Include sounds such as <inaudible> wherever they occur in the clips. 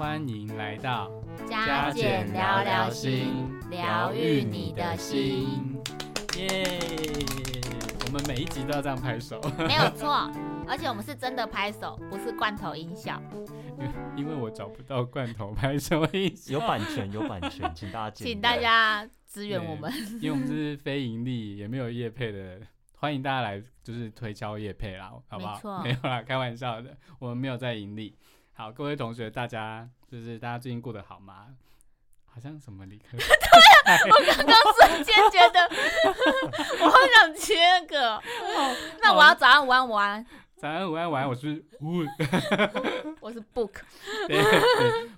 歡迎來到加減聊聊心，療癒你的心，耶！我們每一集都要這樣拍手，沒有錯， <laughs> 而且我們是真的拍手，不是罐頭音效。 <laughs> 因為我找不到罐頭拍手音效，有版權，有版權，請大家 <laughs> 請大家支援我們，yeah, 因為我們是非盈利，也沒有業配的，歡迎大家來就是推銷業配啦，好不好？沒錯沒有啦，開玩笑的，我們沒有在盈利。好，各位同學，大家就是大家最近過得好嗎？好像什麼理科， <laughs> 對呀、啊，我剛剛瞬間覺得， <laughs> <laughs> 我好想切個、哦。那我要早安玩玩、午安、晚安。早安、午安、晚安，我是 Hook， <laughs> 我，我是 Hook。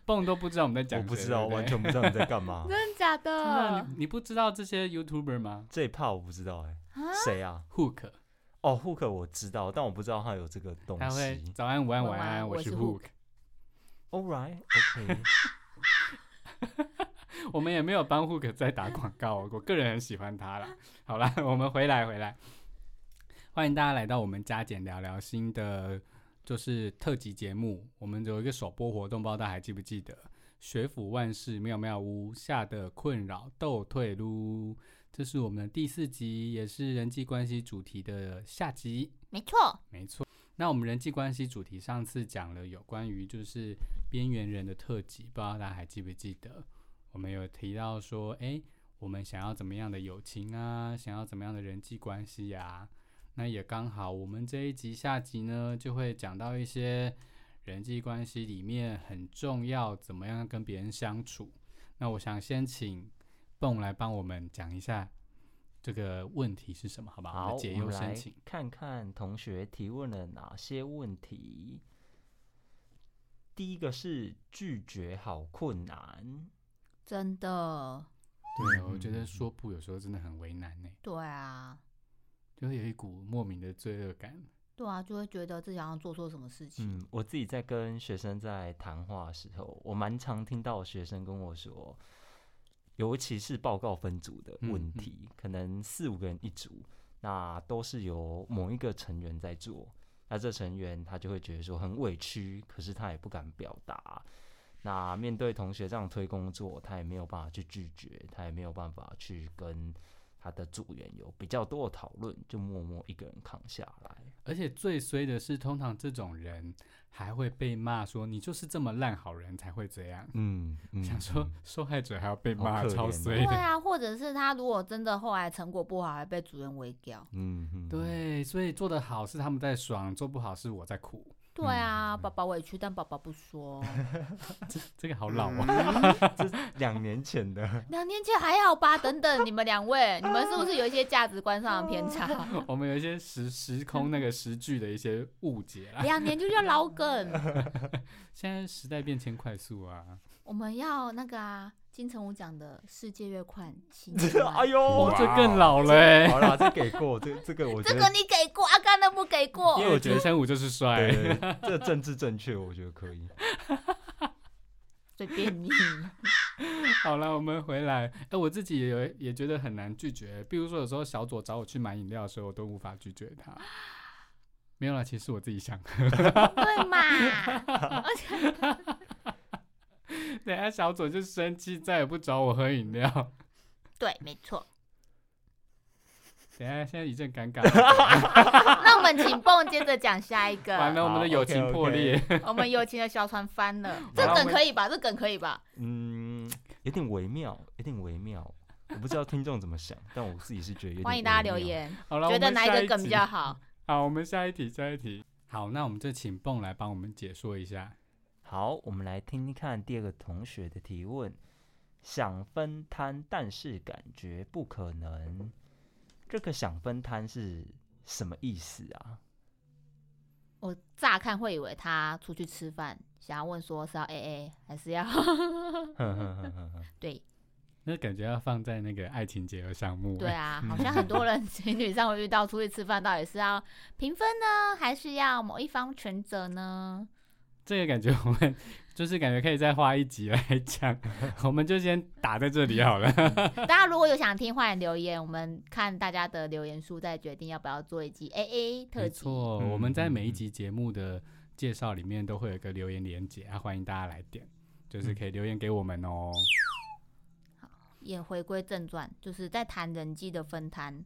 蹦都不知道我們在講什麼，我不知道，欸、 <laughs> 完全不知道你在幹嘛。 <laughs> 真的假的你？你不知道這些 YouTuber 嗎？這怕我不知道哎、欸，誰啊，誰啊？Hook，哦、oh, Hook 我知道，但我不知道他有這個東西。早安、午安、晚安，我是 Hook。All right, OK。 <laughs> 我們也沒有幫 Hook 在打廣告，我個人很喜歡他了。好了，我們回來回來，歡迎大家來到我們加減聊聊新的就是特輯節目。我們有一個首播活動不知道，大家還記不記得？學輔萬事妙妙屋下的困擾，斗退路這是我們的第四集，也是人際關係主題的下集。沒錯錯，沒錯。那我們人際關係主題上次講了有關於就是邊緣人的特輯，不知道大家還記不記得我們有提到說，哎，我們想要怎麼樣的友情啊？想要怎麼樣的人際關係呀？那也剛好，我們這一集下集呢，就會講到一些人際關係裡面很重要，怎麼樣跟別人相處。那我想先請蹦來幫我們講一下。這個問題是什麼？好吧，好，我們來解憂申請，我們來看看同學提問了哪些問題。第一個是拒絕好困難，真的。對啊，嗯，我覺得說不有時候真的很為難呢。對啊，就是有一股莫名的罪惡感。對啊，就會覺得自己好像做錯什麼事情。嗯，我自己在跟學生在談話的時候，我蠻常聽到學生跟我說。尤其是報告分組的問題，嗯，可能四五個人一組，那都是由某一個成員在做，那這成員他就會覺得說很委屈，可是他也不敢表達。那面對同學這樣推工作，他也沒有辦法去拒絕，他也沒有辦法去跟。他的組員有比較多的討論，就默默一個人扛下來。而且最衰的是，通常這種人還會被罵說：“你就是這麼爛好人才會這樣。”嗯，想說、嗯、受害者還要被罵 Okay, 超衰，對啊。或者是他如果真的後來成果不好，還被主任圍剿。嗯，對，所以做得好是他們在爽，做不好是我在苦。對啊，寶寶委屈，但寶寶不說。嗯嗯、 <laughs> 這這個好老啊，嗯、 <laughs> 這兩年前的。兩年前還好吧？等等，你們兩位，啊、你們是不是有一些價值觀上的偏差？啊啊、 <laughs> 我們有一些時時空那個時距的一些誤解啊、兩年就叫老梗。 <laughs> 現在時代變遷快速啊。我們要那個啊。金城武講的世界越寬，快哎呦，這更老嘞，欸。好了，這給過。 <laughs> 這這個我覺得這個你給過，阿干都不給過。因為我覺得金城武就是帥，這政治正確，我覺得可以。 <laughs> 最便秘。 <laughs> 好了，我們回來。哎，我自己也有也覺得很難拒絕。比如說，有時候小左找我去買飲料的時候，我都無法拒絕他。沒有啦，其實我自己想呵呵。 <laughs> 對嘛？ <laughs> <laughs> 等下，小左就生氣，再也不找我喝飲料。對，沒錯。等下，現在一陣尷尬。那我們請蹦接着講下一個。完了，我們的友情破裂。我們友情的小船翻了。這梗可以吧？這梗可以吧？嗯，有點微妙，有點微妙。我不知道聽眾怎麼想，但我自己是覺得。歡迎大家留言。好了，覺得哪一個梗比較好？好，我們下一題，下一題。好，那我們就請蹦來幫我們解說一下。好，我們來聽聽看第二個同學的提問。想分攤，但是感覺不可能。這個“想分攤”是什麼意思啊？我乍看會以為他出去吃飯，想要問說是要 AA 還是要？對，那感覺要放在那個愛情節目。對啊，好像很多人情侶上會 <laughs> 遇到出去吃飯，到底是要平分呢，還是要某一方全責呢？這個感覺我們就是感覺可以再花一集來講，我們就先打在這裡好了、嗯嗯。大家如果有想聽，歡迎留言。我們看大家的留言數，再決定要不要做一集 A A 特輯。沒錯，嗯、我們在每一集節目的介紹裡面都會有一個留言連接，嗯、啊，歡迎大家來點，就是可以留言給我們哦。嗯、好，也回歸正傳，就是在談人際的分攤。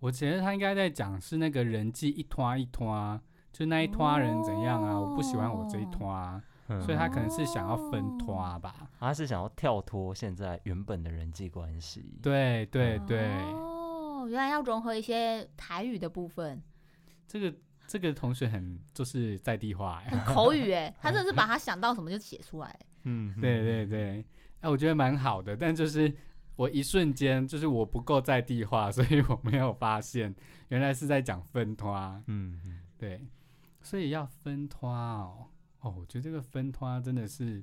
我覺得他應該在講是那個人際一團一團。就那一拖人怎樣啊？哦、我不喜歡我這一拖、啊，嗯、所以他可能是想要分拖吧、哦？他是想要跳脫現在原本的人際關係。對對對。哦，原來要融合一些台語的部分。這個這個同學很就是在地化，很口語哎，他真的是把他想到什麼就寫出來。 <laughs> 嗯哼，對對對，哎、欸，我覺得蠻好的，但就是我一瞬間就是我不夠在地化，所以我沒有發現原來是在講分拖。嗯哼，對。所以要分脫哦，哦，我覺得這個分脫真的是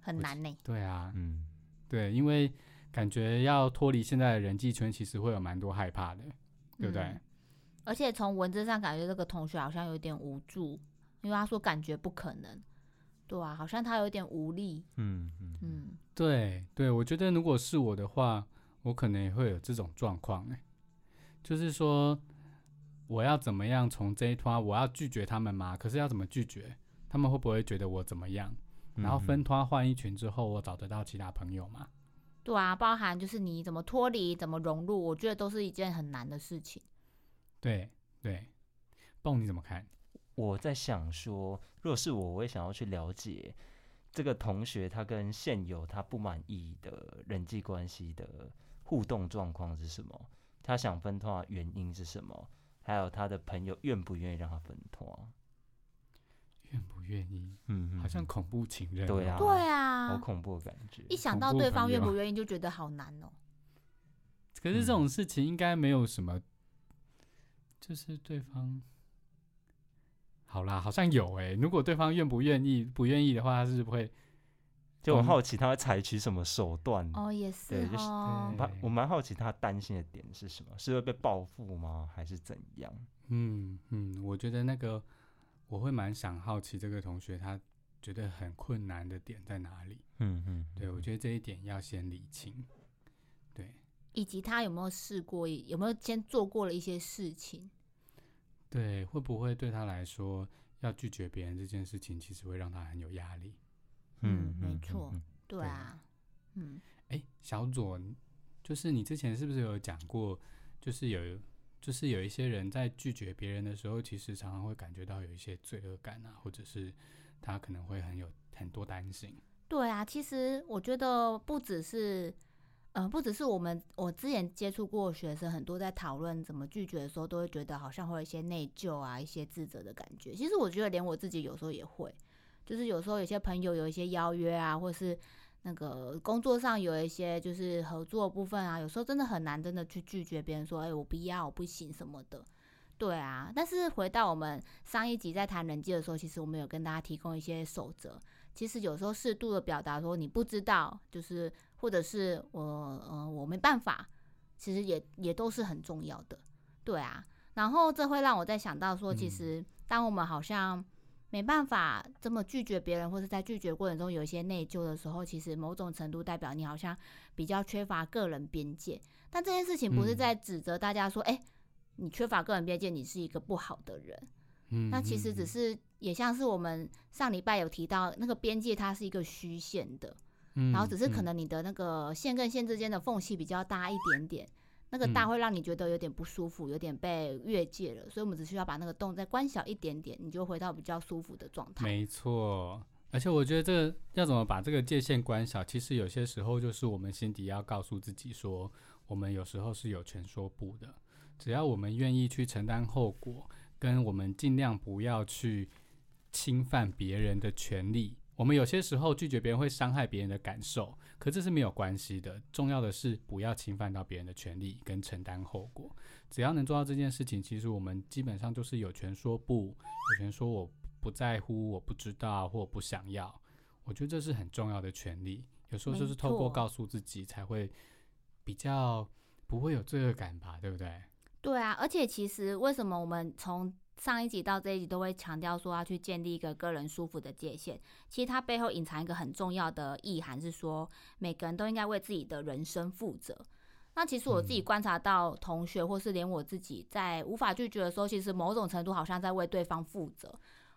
很難呢、欸。對啊，嗯，對，因為感覺要脫離現在的人際圈，其實會有蠻多害怕的，嗯、對不對？而且從文字上感覺這個同學好像有點無助，因為他說感覺不可能，對啊，好像他有點無力。嗯嗯嗯，嗯對對，我覺得如果是我的話，我可能也會有這種狀況、欸、就是說。我要怎麼樣從這一團？我要拒絕他們嗎？可是要怎麼拒絕？他們會不會覺得我怎麼樣？嗯、然後分團換一群之後，我找得到其他朋友嗎？對啊，包含就是你怎麼脫離，怎麼融入，我覺得都是一件很難的事情。對對，鮑，ung, 你怎麼看？我在想說，如果是我，我也想要去了解這個同學他跟現有他不滿意的人際關係的互動狀況是什麼？他想分團的原因是什麼？還有他的朋友願不願意讓他分拖？願不願意？嗯哼，好像恐怖情人啊。對啊，對啊，好恐怖的感覺。的一想到對方願不願意，就覺得好難哦。可是這種事情應該沒有什麼，就是對方。嗯、好啦，好像有哎、欸。如果對方願不願意，不願意的話，是不是不會？就我好奇他會採取什麼手段哦，yes 對，哦就是、我我蠻好奇他擔心的點是什麼，是會被報復嗎，還是怎樣？嗯嗯，我覺得那個我會蠻想好奇這個同學他覺得很困難的點在哪裡？嗯嗯，嗯對，嗯、我覺得這一點要先理清，對，以及他有沒有試過，有沒有先做過了一些事情？對，會不會對他來說，要拒絕別人這件事情，其實會讓他很有壓力？嗯，沒錯，嗯、對啊，對嗯，哎、欸，小左，就是你之前是不是有講過，就是有，就是有一些人在拒絕別人的時候，其實常常會感覺到有一些罪惡感啊，或者是他可能會很有很多擔心。對啊，其實我覺得不只是，嗯、呃，不只是我們，我之前接觸過學生很多，在討論怎麼拒絕的時候，都會覺得好像會有一些內疚啊，一些自責的感覺。其實我覺得連我自己有時候也會。就是有時候有些朋友有一些邀約啊，或是那個工作上，有一些就是合作部分啊，有時候真的很難，真的去拒絕別人說，哎、欸，我不要，我不行什麼的。對啊，但是回到我們上一集在談人際的時候，其實我們有跟大家提供一些守則。其實有時候適度的表達說你不知道，就是或者是我呃我沒辦法，其實也也都是很重要的。對啊，然後這會讓我在想到說，其實當我們好像。沒辦法這麼拒絕別人，或是在拒絕過程中有一些內疚的時候，其實某種程度代表你好像比較缺乏個人邊界。但這件事情不是在指責大家說，哎、嗯欸，你缺乏個人邊界，你是一個不好的人。嗯，那、嗯、其實只是也像是我們上禮拜有提到，那個邊界它是一個虛線的，嗯、然後只是可能你的那個線跟線之間的縫隙比較大一點點。那個大，會讓你覺得有點不舒服，嗯、有點被越界了，所以我們只需要把那個洞再關小一點點，你就回到比較舒服的狀態。沒錯，而且我覺得這個、要怎麼把這個界限關小，其實有些時候就是我們心底要告訴自己說，我們有時候是有權說不的，只要我們願意去承擔後果，跟我們儘量不要去侵犯別人的權利。我們有些時候拒絕別人會傷害別人的感受，可這是沒有關係的。重要的是不要侵犯到別人的權利跟承擔後果。只要能做到這件事情，其實我們基本上就是有權說不，有權說我不在乎、我不知道或我不想要。我覺得這是很重要的權利。有時候就是透過告訴自己，才會比較不會有罪惡感吧？對不對？對啊，而且其實為什麼我們從上一集到這一集都會強調說要去建立一個個人舒服的界限，其實它背後隱藏一個很重要的意涵是說，每個人都應該為自己的人生負責。那其實我自己觀察到同學，或是連我自己，在無法拒絕的時候，嗯、其實某種程度好像在為對方負責，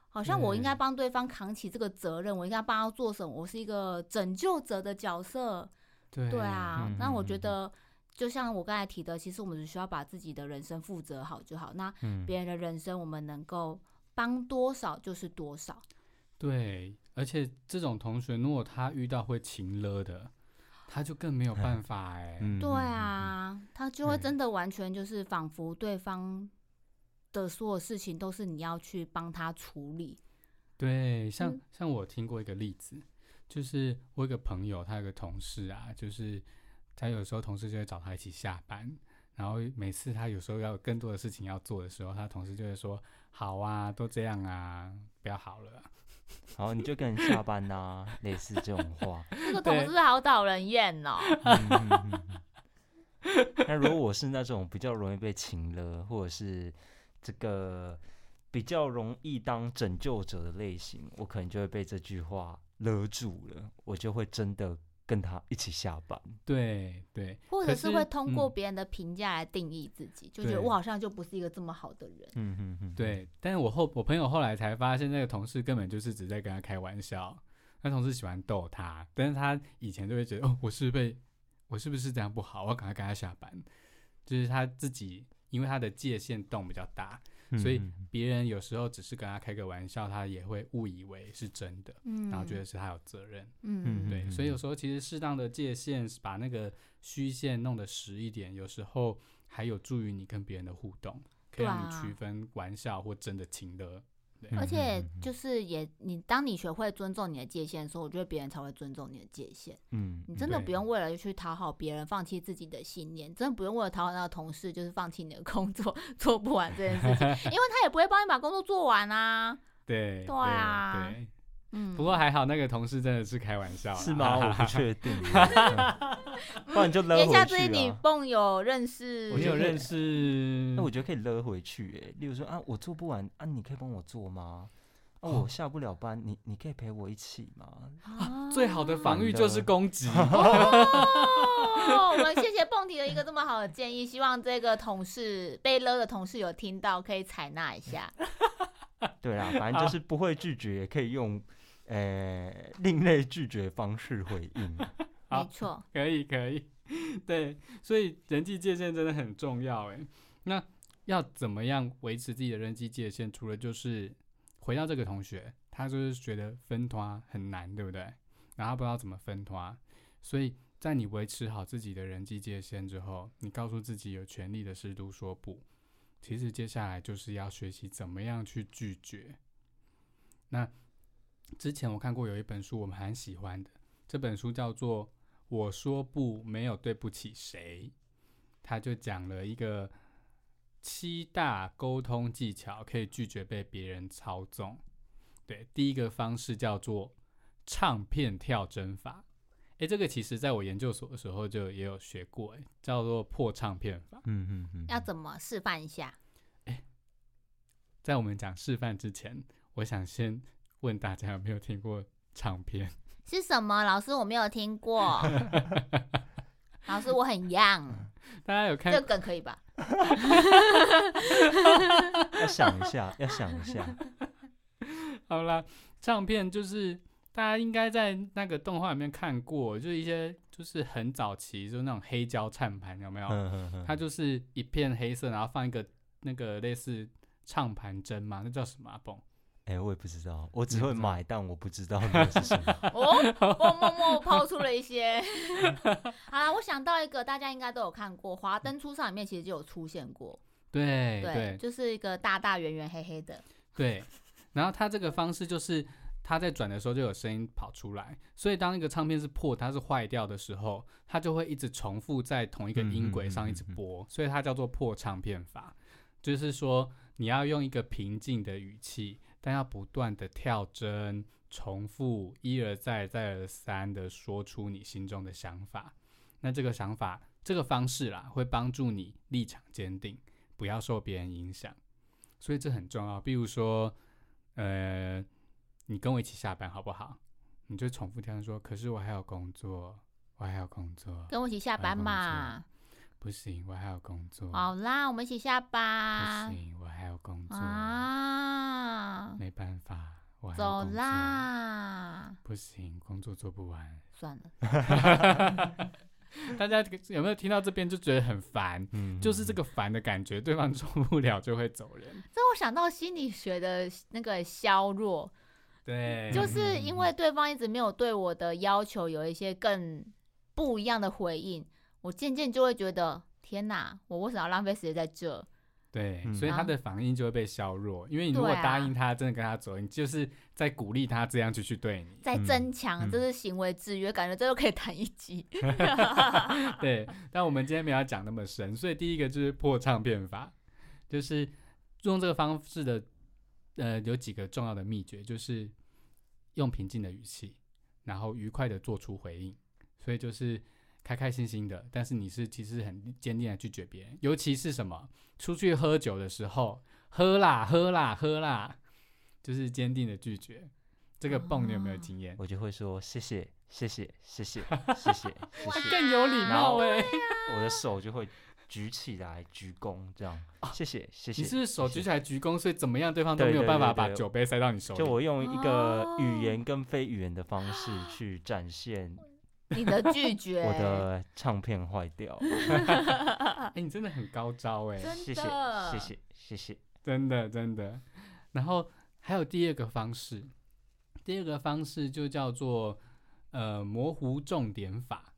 好像我應該幫對方扛起這個責任，嗯、我應該幫他做什麼，我是一個拯救者的角色，對，對啊。嗯、那我覺得。就像我剛才提的，其實我們只需要把自己的人生負責好就好。那別人的人生，我們能夠幫多少就是多少，嗯。對，而且這種同學，如果他遇到會情勒的，他就更沒有辦法哎，欸。嗯、對啊，他就會真的完全就是仿佛對方的所有的事情都是你要去幫他處理。對，像像我聽過一個例子，就是我一個朋友，他有一個同事啊，就是。他有時候同事就會找他一起下班，然後每次他有時候要有更多的事情要做的時候，他同事就會說：“好啊，都這樣啊，不要好了、啊。好”然後你就跟你下班吶、啊， <laughs> 類似這種話。 <laughs> 對這個同事好討人厭哦。那如果我是那種比較容易被情勒，或者是這個比較容易當拯救者的類型，我可能就會被這句話勒住了，我就會真的。跟他一起下班，對對，可是或者是會通過別人的評價來定義自己，嗯、就覺得我好像就不是一個這麼好的人，嗯嗯嗯，對。但是我後我朋友後來才發現，那個同事根本就是只在跟他開玩笑，那同事喜歡逗他，但是他以前就會覺得哦，我是不是我是不是這樣不好？我要趕快跟他下班，就是他自己因為他的界限洞比較大。所以別人有時候只是跟他開個玩笑，他也會誤以為是真的，然後覺得是他有責任。嗯，對。所以有時候其實適當的界限，把那個虛線弄得實一點，有時候還有助於你跟別人的互動，可以讓你區分玩笑或真的情的。對而且就是也，你當你學會尊重你的界限的時候，我覺得別人才會尊重你的界限。嗯，你真的不用為了去討好別人，對人放棄自己的信念，真的不用為了討好那個同事就是放棄你的工作，做不完這件事情， <laughs> 因為他也不會幫你把工作做完啊。對，對，啊對，對啊。不過還好，那個同事真的是開玩笑，是嗎？我不確定，不然就勒回去。眼下最你蹦有認識，我有認識，那我覺得可以勒回去。哎，例如說啊，我做不完啊，你可以幫我做嗎？啊，我下不了班，你你可以陪我一起嗎？啊，最好的防御就是攻擊。我們謝謝蹦迪的一個這麼好的建議，希望這個同事被勒的同事有聽到，可以採納一下。對啊，反正就是不會拒絕，也可以用。呃，另類拒絕方式回應， <laughs> 好沒錯，可以可以，可以 <laughs> 對，所以人際界限真的很重要誒，那要怎麼樣維持自己的人際界限？除了就是回到這個同學，他就是覺得分團很難，對不對？然後不知道怎麼分團，所以在你維持好自己的人際界限之後，你告訴自己有權利的事都說不。其實接下來就是要學習怎麼樣去拒絕。那。之前我看過有一本書，我們很喜歡的，這本書叫做《我說不，沒有對不起誰》，它就講了一個七大溝通技巧，可以拒絕被別人操縱。對，第一個方式叫做唱片跳針法。誒，這個其實在我研究所的時候就也有學過誒，叫做破唱片法。嗯嗯嗯。要怎麼示範一下？誒，在我們講示範之前，我想先。問大家有沒有聽過唱片？是什麼？老師，我沒有聽過。 <laughs> 老師，我很 young。大家有看？這個梗可以吧？要想一下，要想一下。 <laughs> 好啦，唱片就是大家應該在那個動畫裡面看過，就是一些就是很早期，就是那種黑膠唱盤，有沒有？ <laughs> 它就是一片黑色，然後放一個那個類似唱盤針嘛，那叫什麼啊？嘣。哎，欸、我也不知道，我只會買，但我不知道那個是什麼。 <laughs> <laughs> 哦，我默拋出了一些。 <laughs> 好啦，我想到一個，大家應該都有看過，《華燈初上》裡面其實就有出現過。對對，對對就是一個大大圓圓黑黑的。對。然後它這個方式就是，它在轉的時候就有聲音跑出來，所以當一個唱片是破，它是壞掉的時候，它就會一直重複在同一個音軌上一直播，嗯嗯嗯嗯嗯，所以它叫做破唱片法。就是說，你要用一個平靜的語氣。但要不斷的跳針，重複一而再再而三的說出你心中的想法，那這個想法、這個方式啦，會幫助你立場堅定，不要受別人影響，所以這很重要。比如說，呃，你跟我一起下班好不好？你就重複跳針說：“可是我還有工作，我還有工作。”跟我一起下班嘛？不行，我還有工作。好啦，我們一起下吧。不行，我還有工作。啊，沒辦法，走啦。不行，工作做不完。算了。 <laughs> <laughs> <laughs> 大家有沒有聽到這邊就覺得很煩？嗯、哼就是這個煩的感覺，對方做不了就會走人。所以我想到心理學的那個消弱，對，就是因為對方一直沒有對我的要求有一些更不一樣的回應。我漸漸就會覺得，天哪，我為什麼要浪費時間在這？對，嗯、所以他的反應就會被削弱，啊、因為你如果答應他，真的跟他走，啊、你就是在鼓勵他這樣去去對你，在增強，嗯、這是行為制約，嗯、感覺這都可以談一集。對，但我們今天沒有要講那麼深，所以第一個就是破唱片法，就是用這個方式的，呃，有幾個重要的秘訣，就是用平靜的語氣，然後愉快的做出回應，所以就是。開開心心的，但是你是其實很堅定的拒絕別人，尤其是什麼出去喝酒的時候，喝啦喝啦喝啦，就是堅定的拒絕。這個蹦。你有沒有經驗？啊、我就會說謝謝謝謝謝謝謝謝，更有禮貌誒，啊啊、我的手就會舉起來鞠躬，這樣謝謝謝謝。你是不是手舉起來鞠躬，謝謝。所以怎麼樣對方都沒有辦法把酒杯塞到你手裡。對對對對，就我用一個語言跟非語言的方式去展現你的拒絕， <laughs> 我的唱片壞掉。哎、 <laughs> 欸，你真的很高招哎！真的，謝謝，謝謝，謝謝，真的真的。然後還有第二個方式，第二個方式就叫做呃模糊重點法，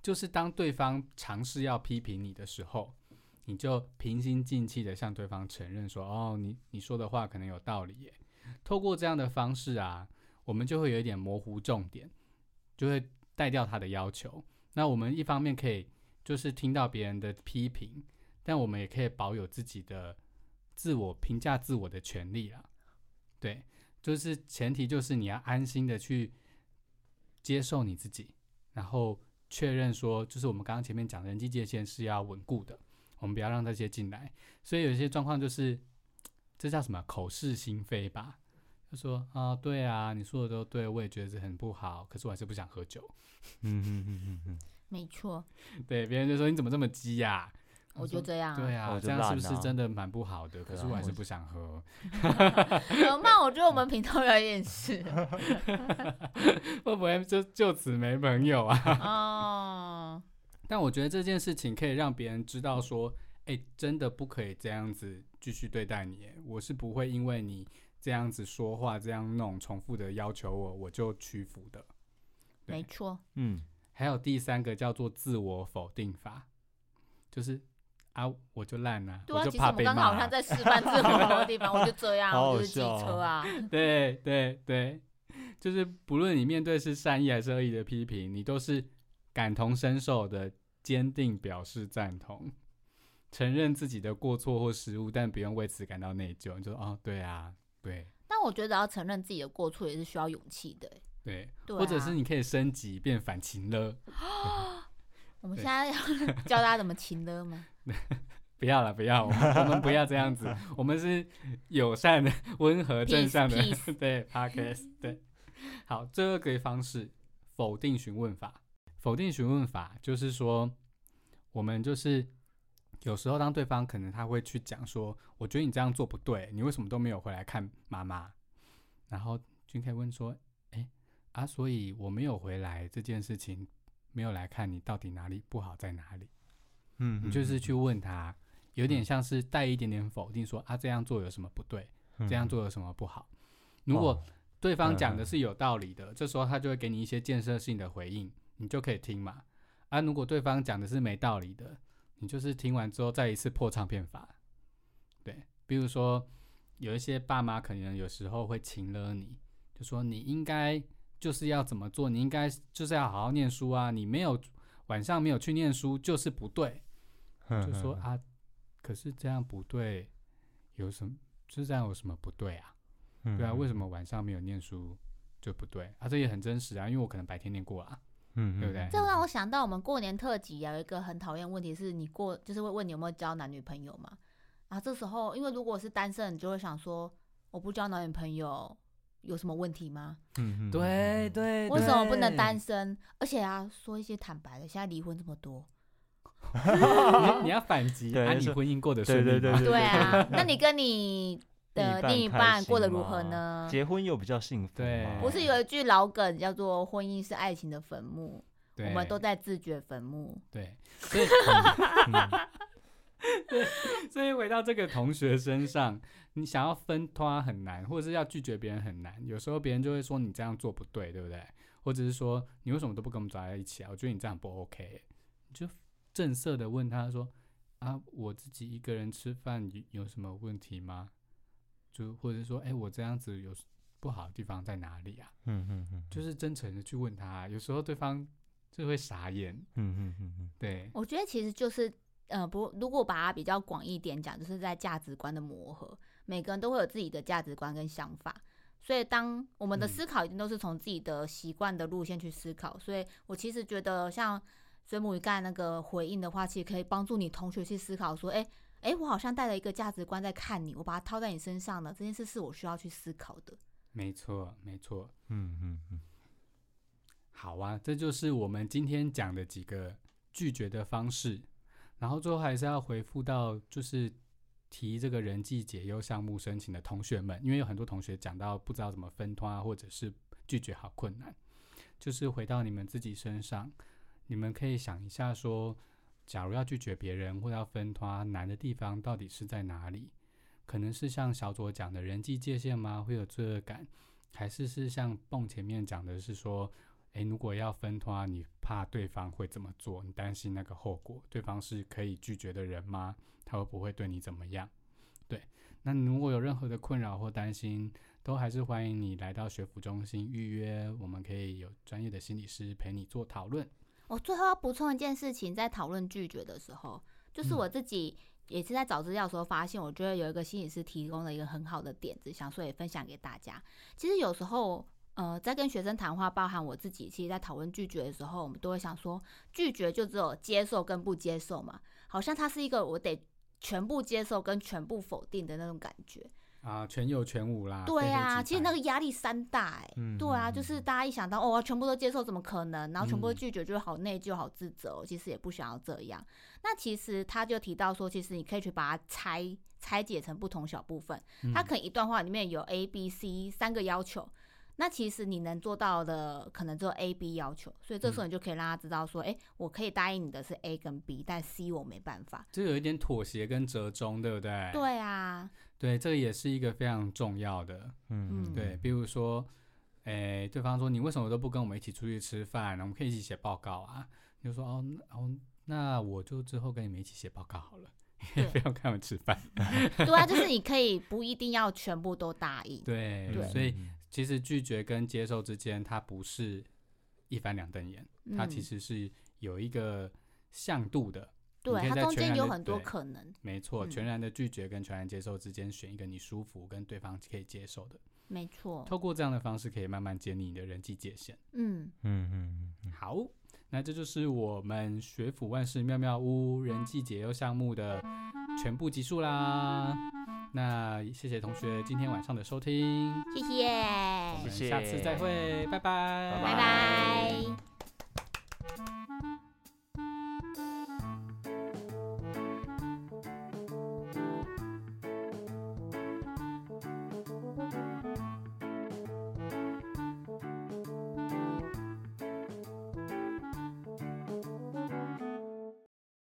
就是當對方嘗試要批評你的時候，你就平心靜氣的向對方承認說：“哦，你你說的話可能有道理耶。”透過這樣的方式啊，我們就會有一點模糊重點，就會。帶掉他的要求，那我們一方面可以就是聽到別人的批評，但我們也可以保有自己的自我評價、自我的權利了、啊。對，就是前提就是你要安心的去接受你自己，然後確認說，就是我們剛剛前面講的人際界限是要穩固的，我們不要讓這些進來。所以有些狀況就是，這叫什麼口是心非吧？他說：“啊，對啊，你說的都對，我也覺得這很不好，可是我還是不想喝酒。 <laughs> 錯”嗯嗯嗯嗯嗯，沒錯。對，別人就說：“你怎麼這麼雞呀、啊？”我，我就這樣。對啊，啊這樣是不是真的蠻不好的？啊、可是我還是不想喝。有嗎？我覺得我們頻道人也是會 <laughs> <laughs> 不會就就此沒朋友啊？ <laughs> 哦。但我覺得這件事情可以讓別人知道，說：“哎、欸，真的不可以這樣子繼續對待你。”我是不會因為你。這樣子說話，這樣弄，重複的要求我，我就屈服的。沒錯錯，嗯，還有第三個叫做自我否定法，就是啊，我就爛了，對啊、我就怕被罵，其實我剛剛好像在示範這個地方， <laughs> 我就這樣，好好笑，我就是機車啊，對對對，就是不論你面對是善意還是惡意的批評，你都是感同身受的，堅定表示贊同，承認自己的過錯或失誤，但不用為此感到內疚。你就說，哦，對啊。對，但我覺得要承認自己的過錯也是需要勇氣的。對，對啊、或者是你可以升級變反情勒。啊、對我們現在要教大家怎麼情勒嗎？ <laughs> 不？不要了，不要，我們不要這樣子。 <laughs> 我們是友善的、溫和、正向的。Peace, 對，Parker，對。好，第、這、二個方式，否定詢問法。否定詢問法就是說，我們就是。有時候，當對方可能他會去講說：“我覺得你這樣做不對，你為什麼都沒有回來看媽媽？”然後就可以問說：“哎，啊，所以我沒有回來這件事情，沒有來看你，到底哪裡不好在哪裡？”嗯，你就是去問他，有點像是帶一點點否定，說：“嗯、啊，這樣做有什麼不對？這樣做有什麼不好？”如果對方講的是有道理的，嗯、這時候他就會給你一些建設性的回應，你就可以聽嘛。啊，如果對方講的是沒道理的，你就是聽完之後，再一次破唱片法，對，比如說有一些爸媽可能有時候會情勒你，就說你應該就是要怎麼做，你應該就是要好好念書啊，你沒有晚上沒有去念書就是不對，呵呵就說啊，可是這樣不對，有什麼？就是這樣有什麼不對啊？呵呵對啊，為什麼晚上沒有念書就不對？啊，這也很真實啊，因為我可能白天念過啊。嗯，對不對？這讓我想到我們過年特輯有一個很討厭問題，是你過就是會問你有沒有交男女朋友嘛？啊，這時候因為如果是單身，你就會想說我不交男女朋友有什麼問題嗎？嗯，嗯對對對。為什麼不能單身？而且啊，說一些坦白的，現在離婚這麼多， <laughs> 你要反擊，啊你婚姻過得順利嗎？對對對啊，那你跟你。的另一半過得如何呢？結婚又比較幸福，啊。對，不是有一句老梗叫做“婚姻是愛情的墳墓”，對我們都在自掘墳墓對，， <laughs> 嗯。對，所以，回到這個同學身上，你想要分拖很難，或者是要拒絕別人很難。有時候別人就會說你這樣做不對，對不對？或者是說你為什麼都不跟我們走在一起啊？我覺得你這樣不 OK，欸。你就正色的問他說：“啊，我自己一個人吃飯有什麼問題嗎？”就或者說，哎、欸，我這樣子有不好的地方在哪裡啊？嗯嗯嗯，嗯嗯就是真誠的去問他，有時候對方就會傻眼。嗯嗯嗯嗯，嗯嗯對。我覺得其實就是，呃，不，如果把它比較廣一點講，就是在價值觀的磨合。每個人都會有自己的價值觀跟想法，所以當我們的思考一定都是從自己的習慣的路線去思考。嗯、所以我其實覺得，像水母魚乾那個回應的話，其實可以幫助你同學去思考說，哎、欸。誒，我好像帶了一個價值觀在看你，我把它套在你身上了，這件事是我需要去思考的。沒錯，沒錯，嗯嗯嗯，嗯嗯好啊，這就是我們今天講的幾個拒絕的方式，然後最後還是要回復到，就是提這個人際解憂項目申請的同學們，因為有很多同學講到不知道怎麼分攤啊，或者是拒絕好困難，就是回到你們自己身上，你們可以想一下說。假如要拒絕別人，或要分攤，難的地方到底是在哪裡？可能是像小左講的人際界限嗎？會有罪惡感，還是是像蹦前面講的是說，誒，如果要分攤，你怕對方會怎麼做？你擔心那個後果，對方是可以拒絕的人嗎？他會不會對你怎麼樣？對，那你如果有任何的困擾或擔心，都還是歡迎你來到學輔中心預約，我們可以有專業的心理師陪你做討論。我最後要補充一件事情，在討論拒絕的時候，就是我自己也是在找資料的時候發現，我覺得有一個心理師提供了一個很好的點子，想說也分享給大家。其實有時候，呃，在跟學生談話，包含我自己，其實在討論拒絕的時候，我們都會想說，拒絕就只有接受跟不接受嘛，好像它是一個我得全部接受跟全部否定的那種感覺。啊，全有全無啦！對啊，其實那個壓力山大哎、欸。嗯、對啊，就是大家一想到、嗯、哦，全部都接受怎麼可能？然後全部都拒絕，嗯、就是好內疚、好自責。其實也不想要這樣。那其實他就提到說，其實你可以去把它拆拆解成不同小部分。嗯、他可能一段話裡面有 A、B、C 三個要求，那其實你能做到的可能只有 A、B 要求。所以這時候你就可以讓他知道說，哎、嗯欸，我可以答應你的是 A 跟 B，但 C 我沒辦法。就有一點妥協跟折中，對不對？對啊。對，這個也是一個非常重要的，嗯，對，比如說，誒，對方說你為什麼都不跟我們一起出去吃飯？我們可以一起寫報告啊，你就說哦，哦，那我就之後跟你們一起寫報告好了，對 <laughs> 也不要看我吃飯。對啊，就是你可以不一定要全部都答應。 <laughs> 對，對所以其實拒絕跟接受之間，它不是一翻兩瞪眼，它其實是有一個向度的。嗯對，它中間有很多可能，沒錯，嗯、全然的拒絕跟全然接受之間選一個你舒服跟對方可以接受的，沒錯。透過這樣的方式可以慢慢建立你，你的人際界限。嗯嗯嗯， <laughs> 好，那這就是我們學輔萬事妙妙屋人際解憂項目的全部結束啦。那謝謝同學今天晚上的收聽，謝謝，我們下次再會，謝謝拜拜，拜拜。拜拜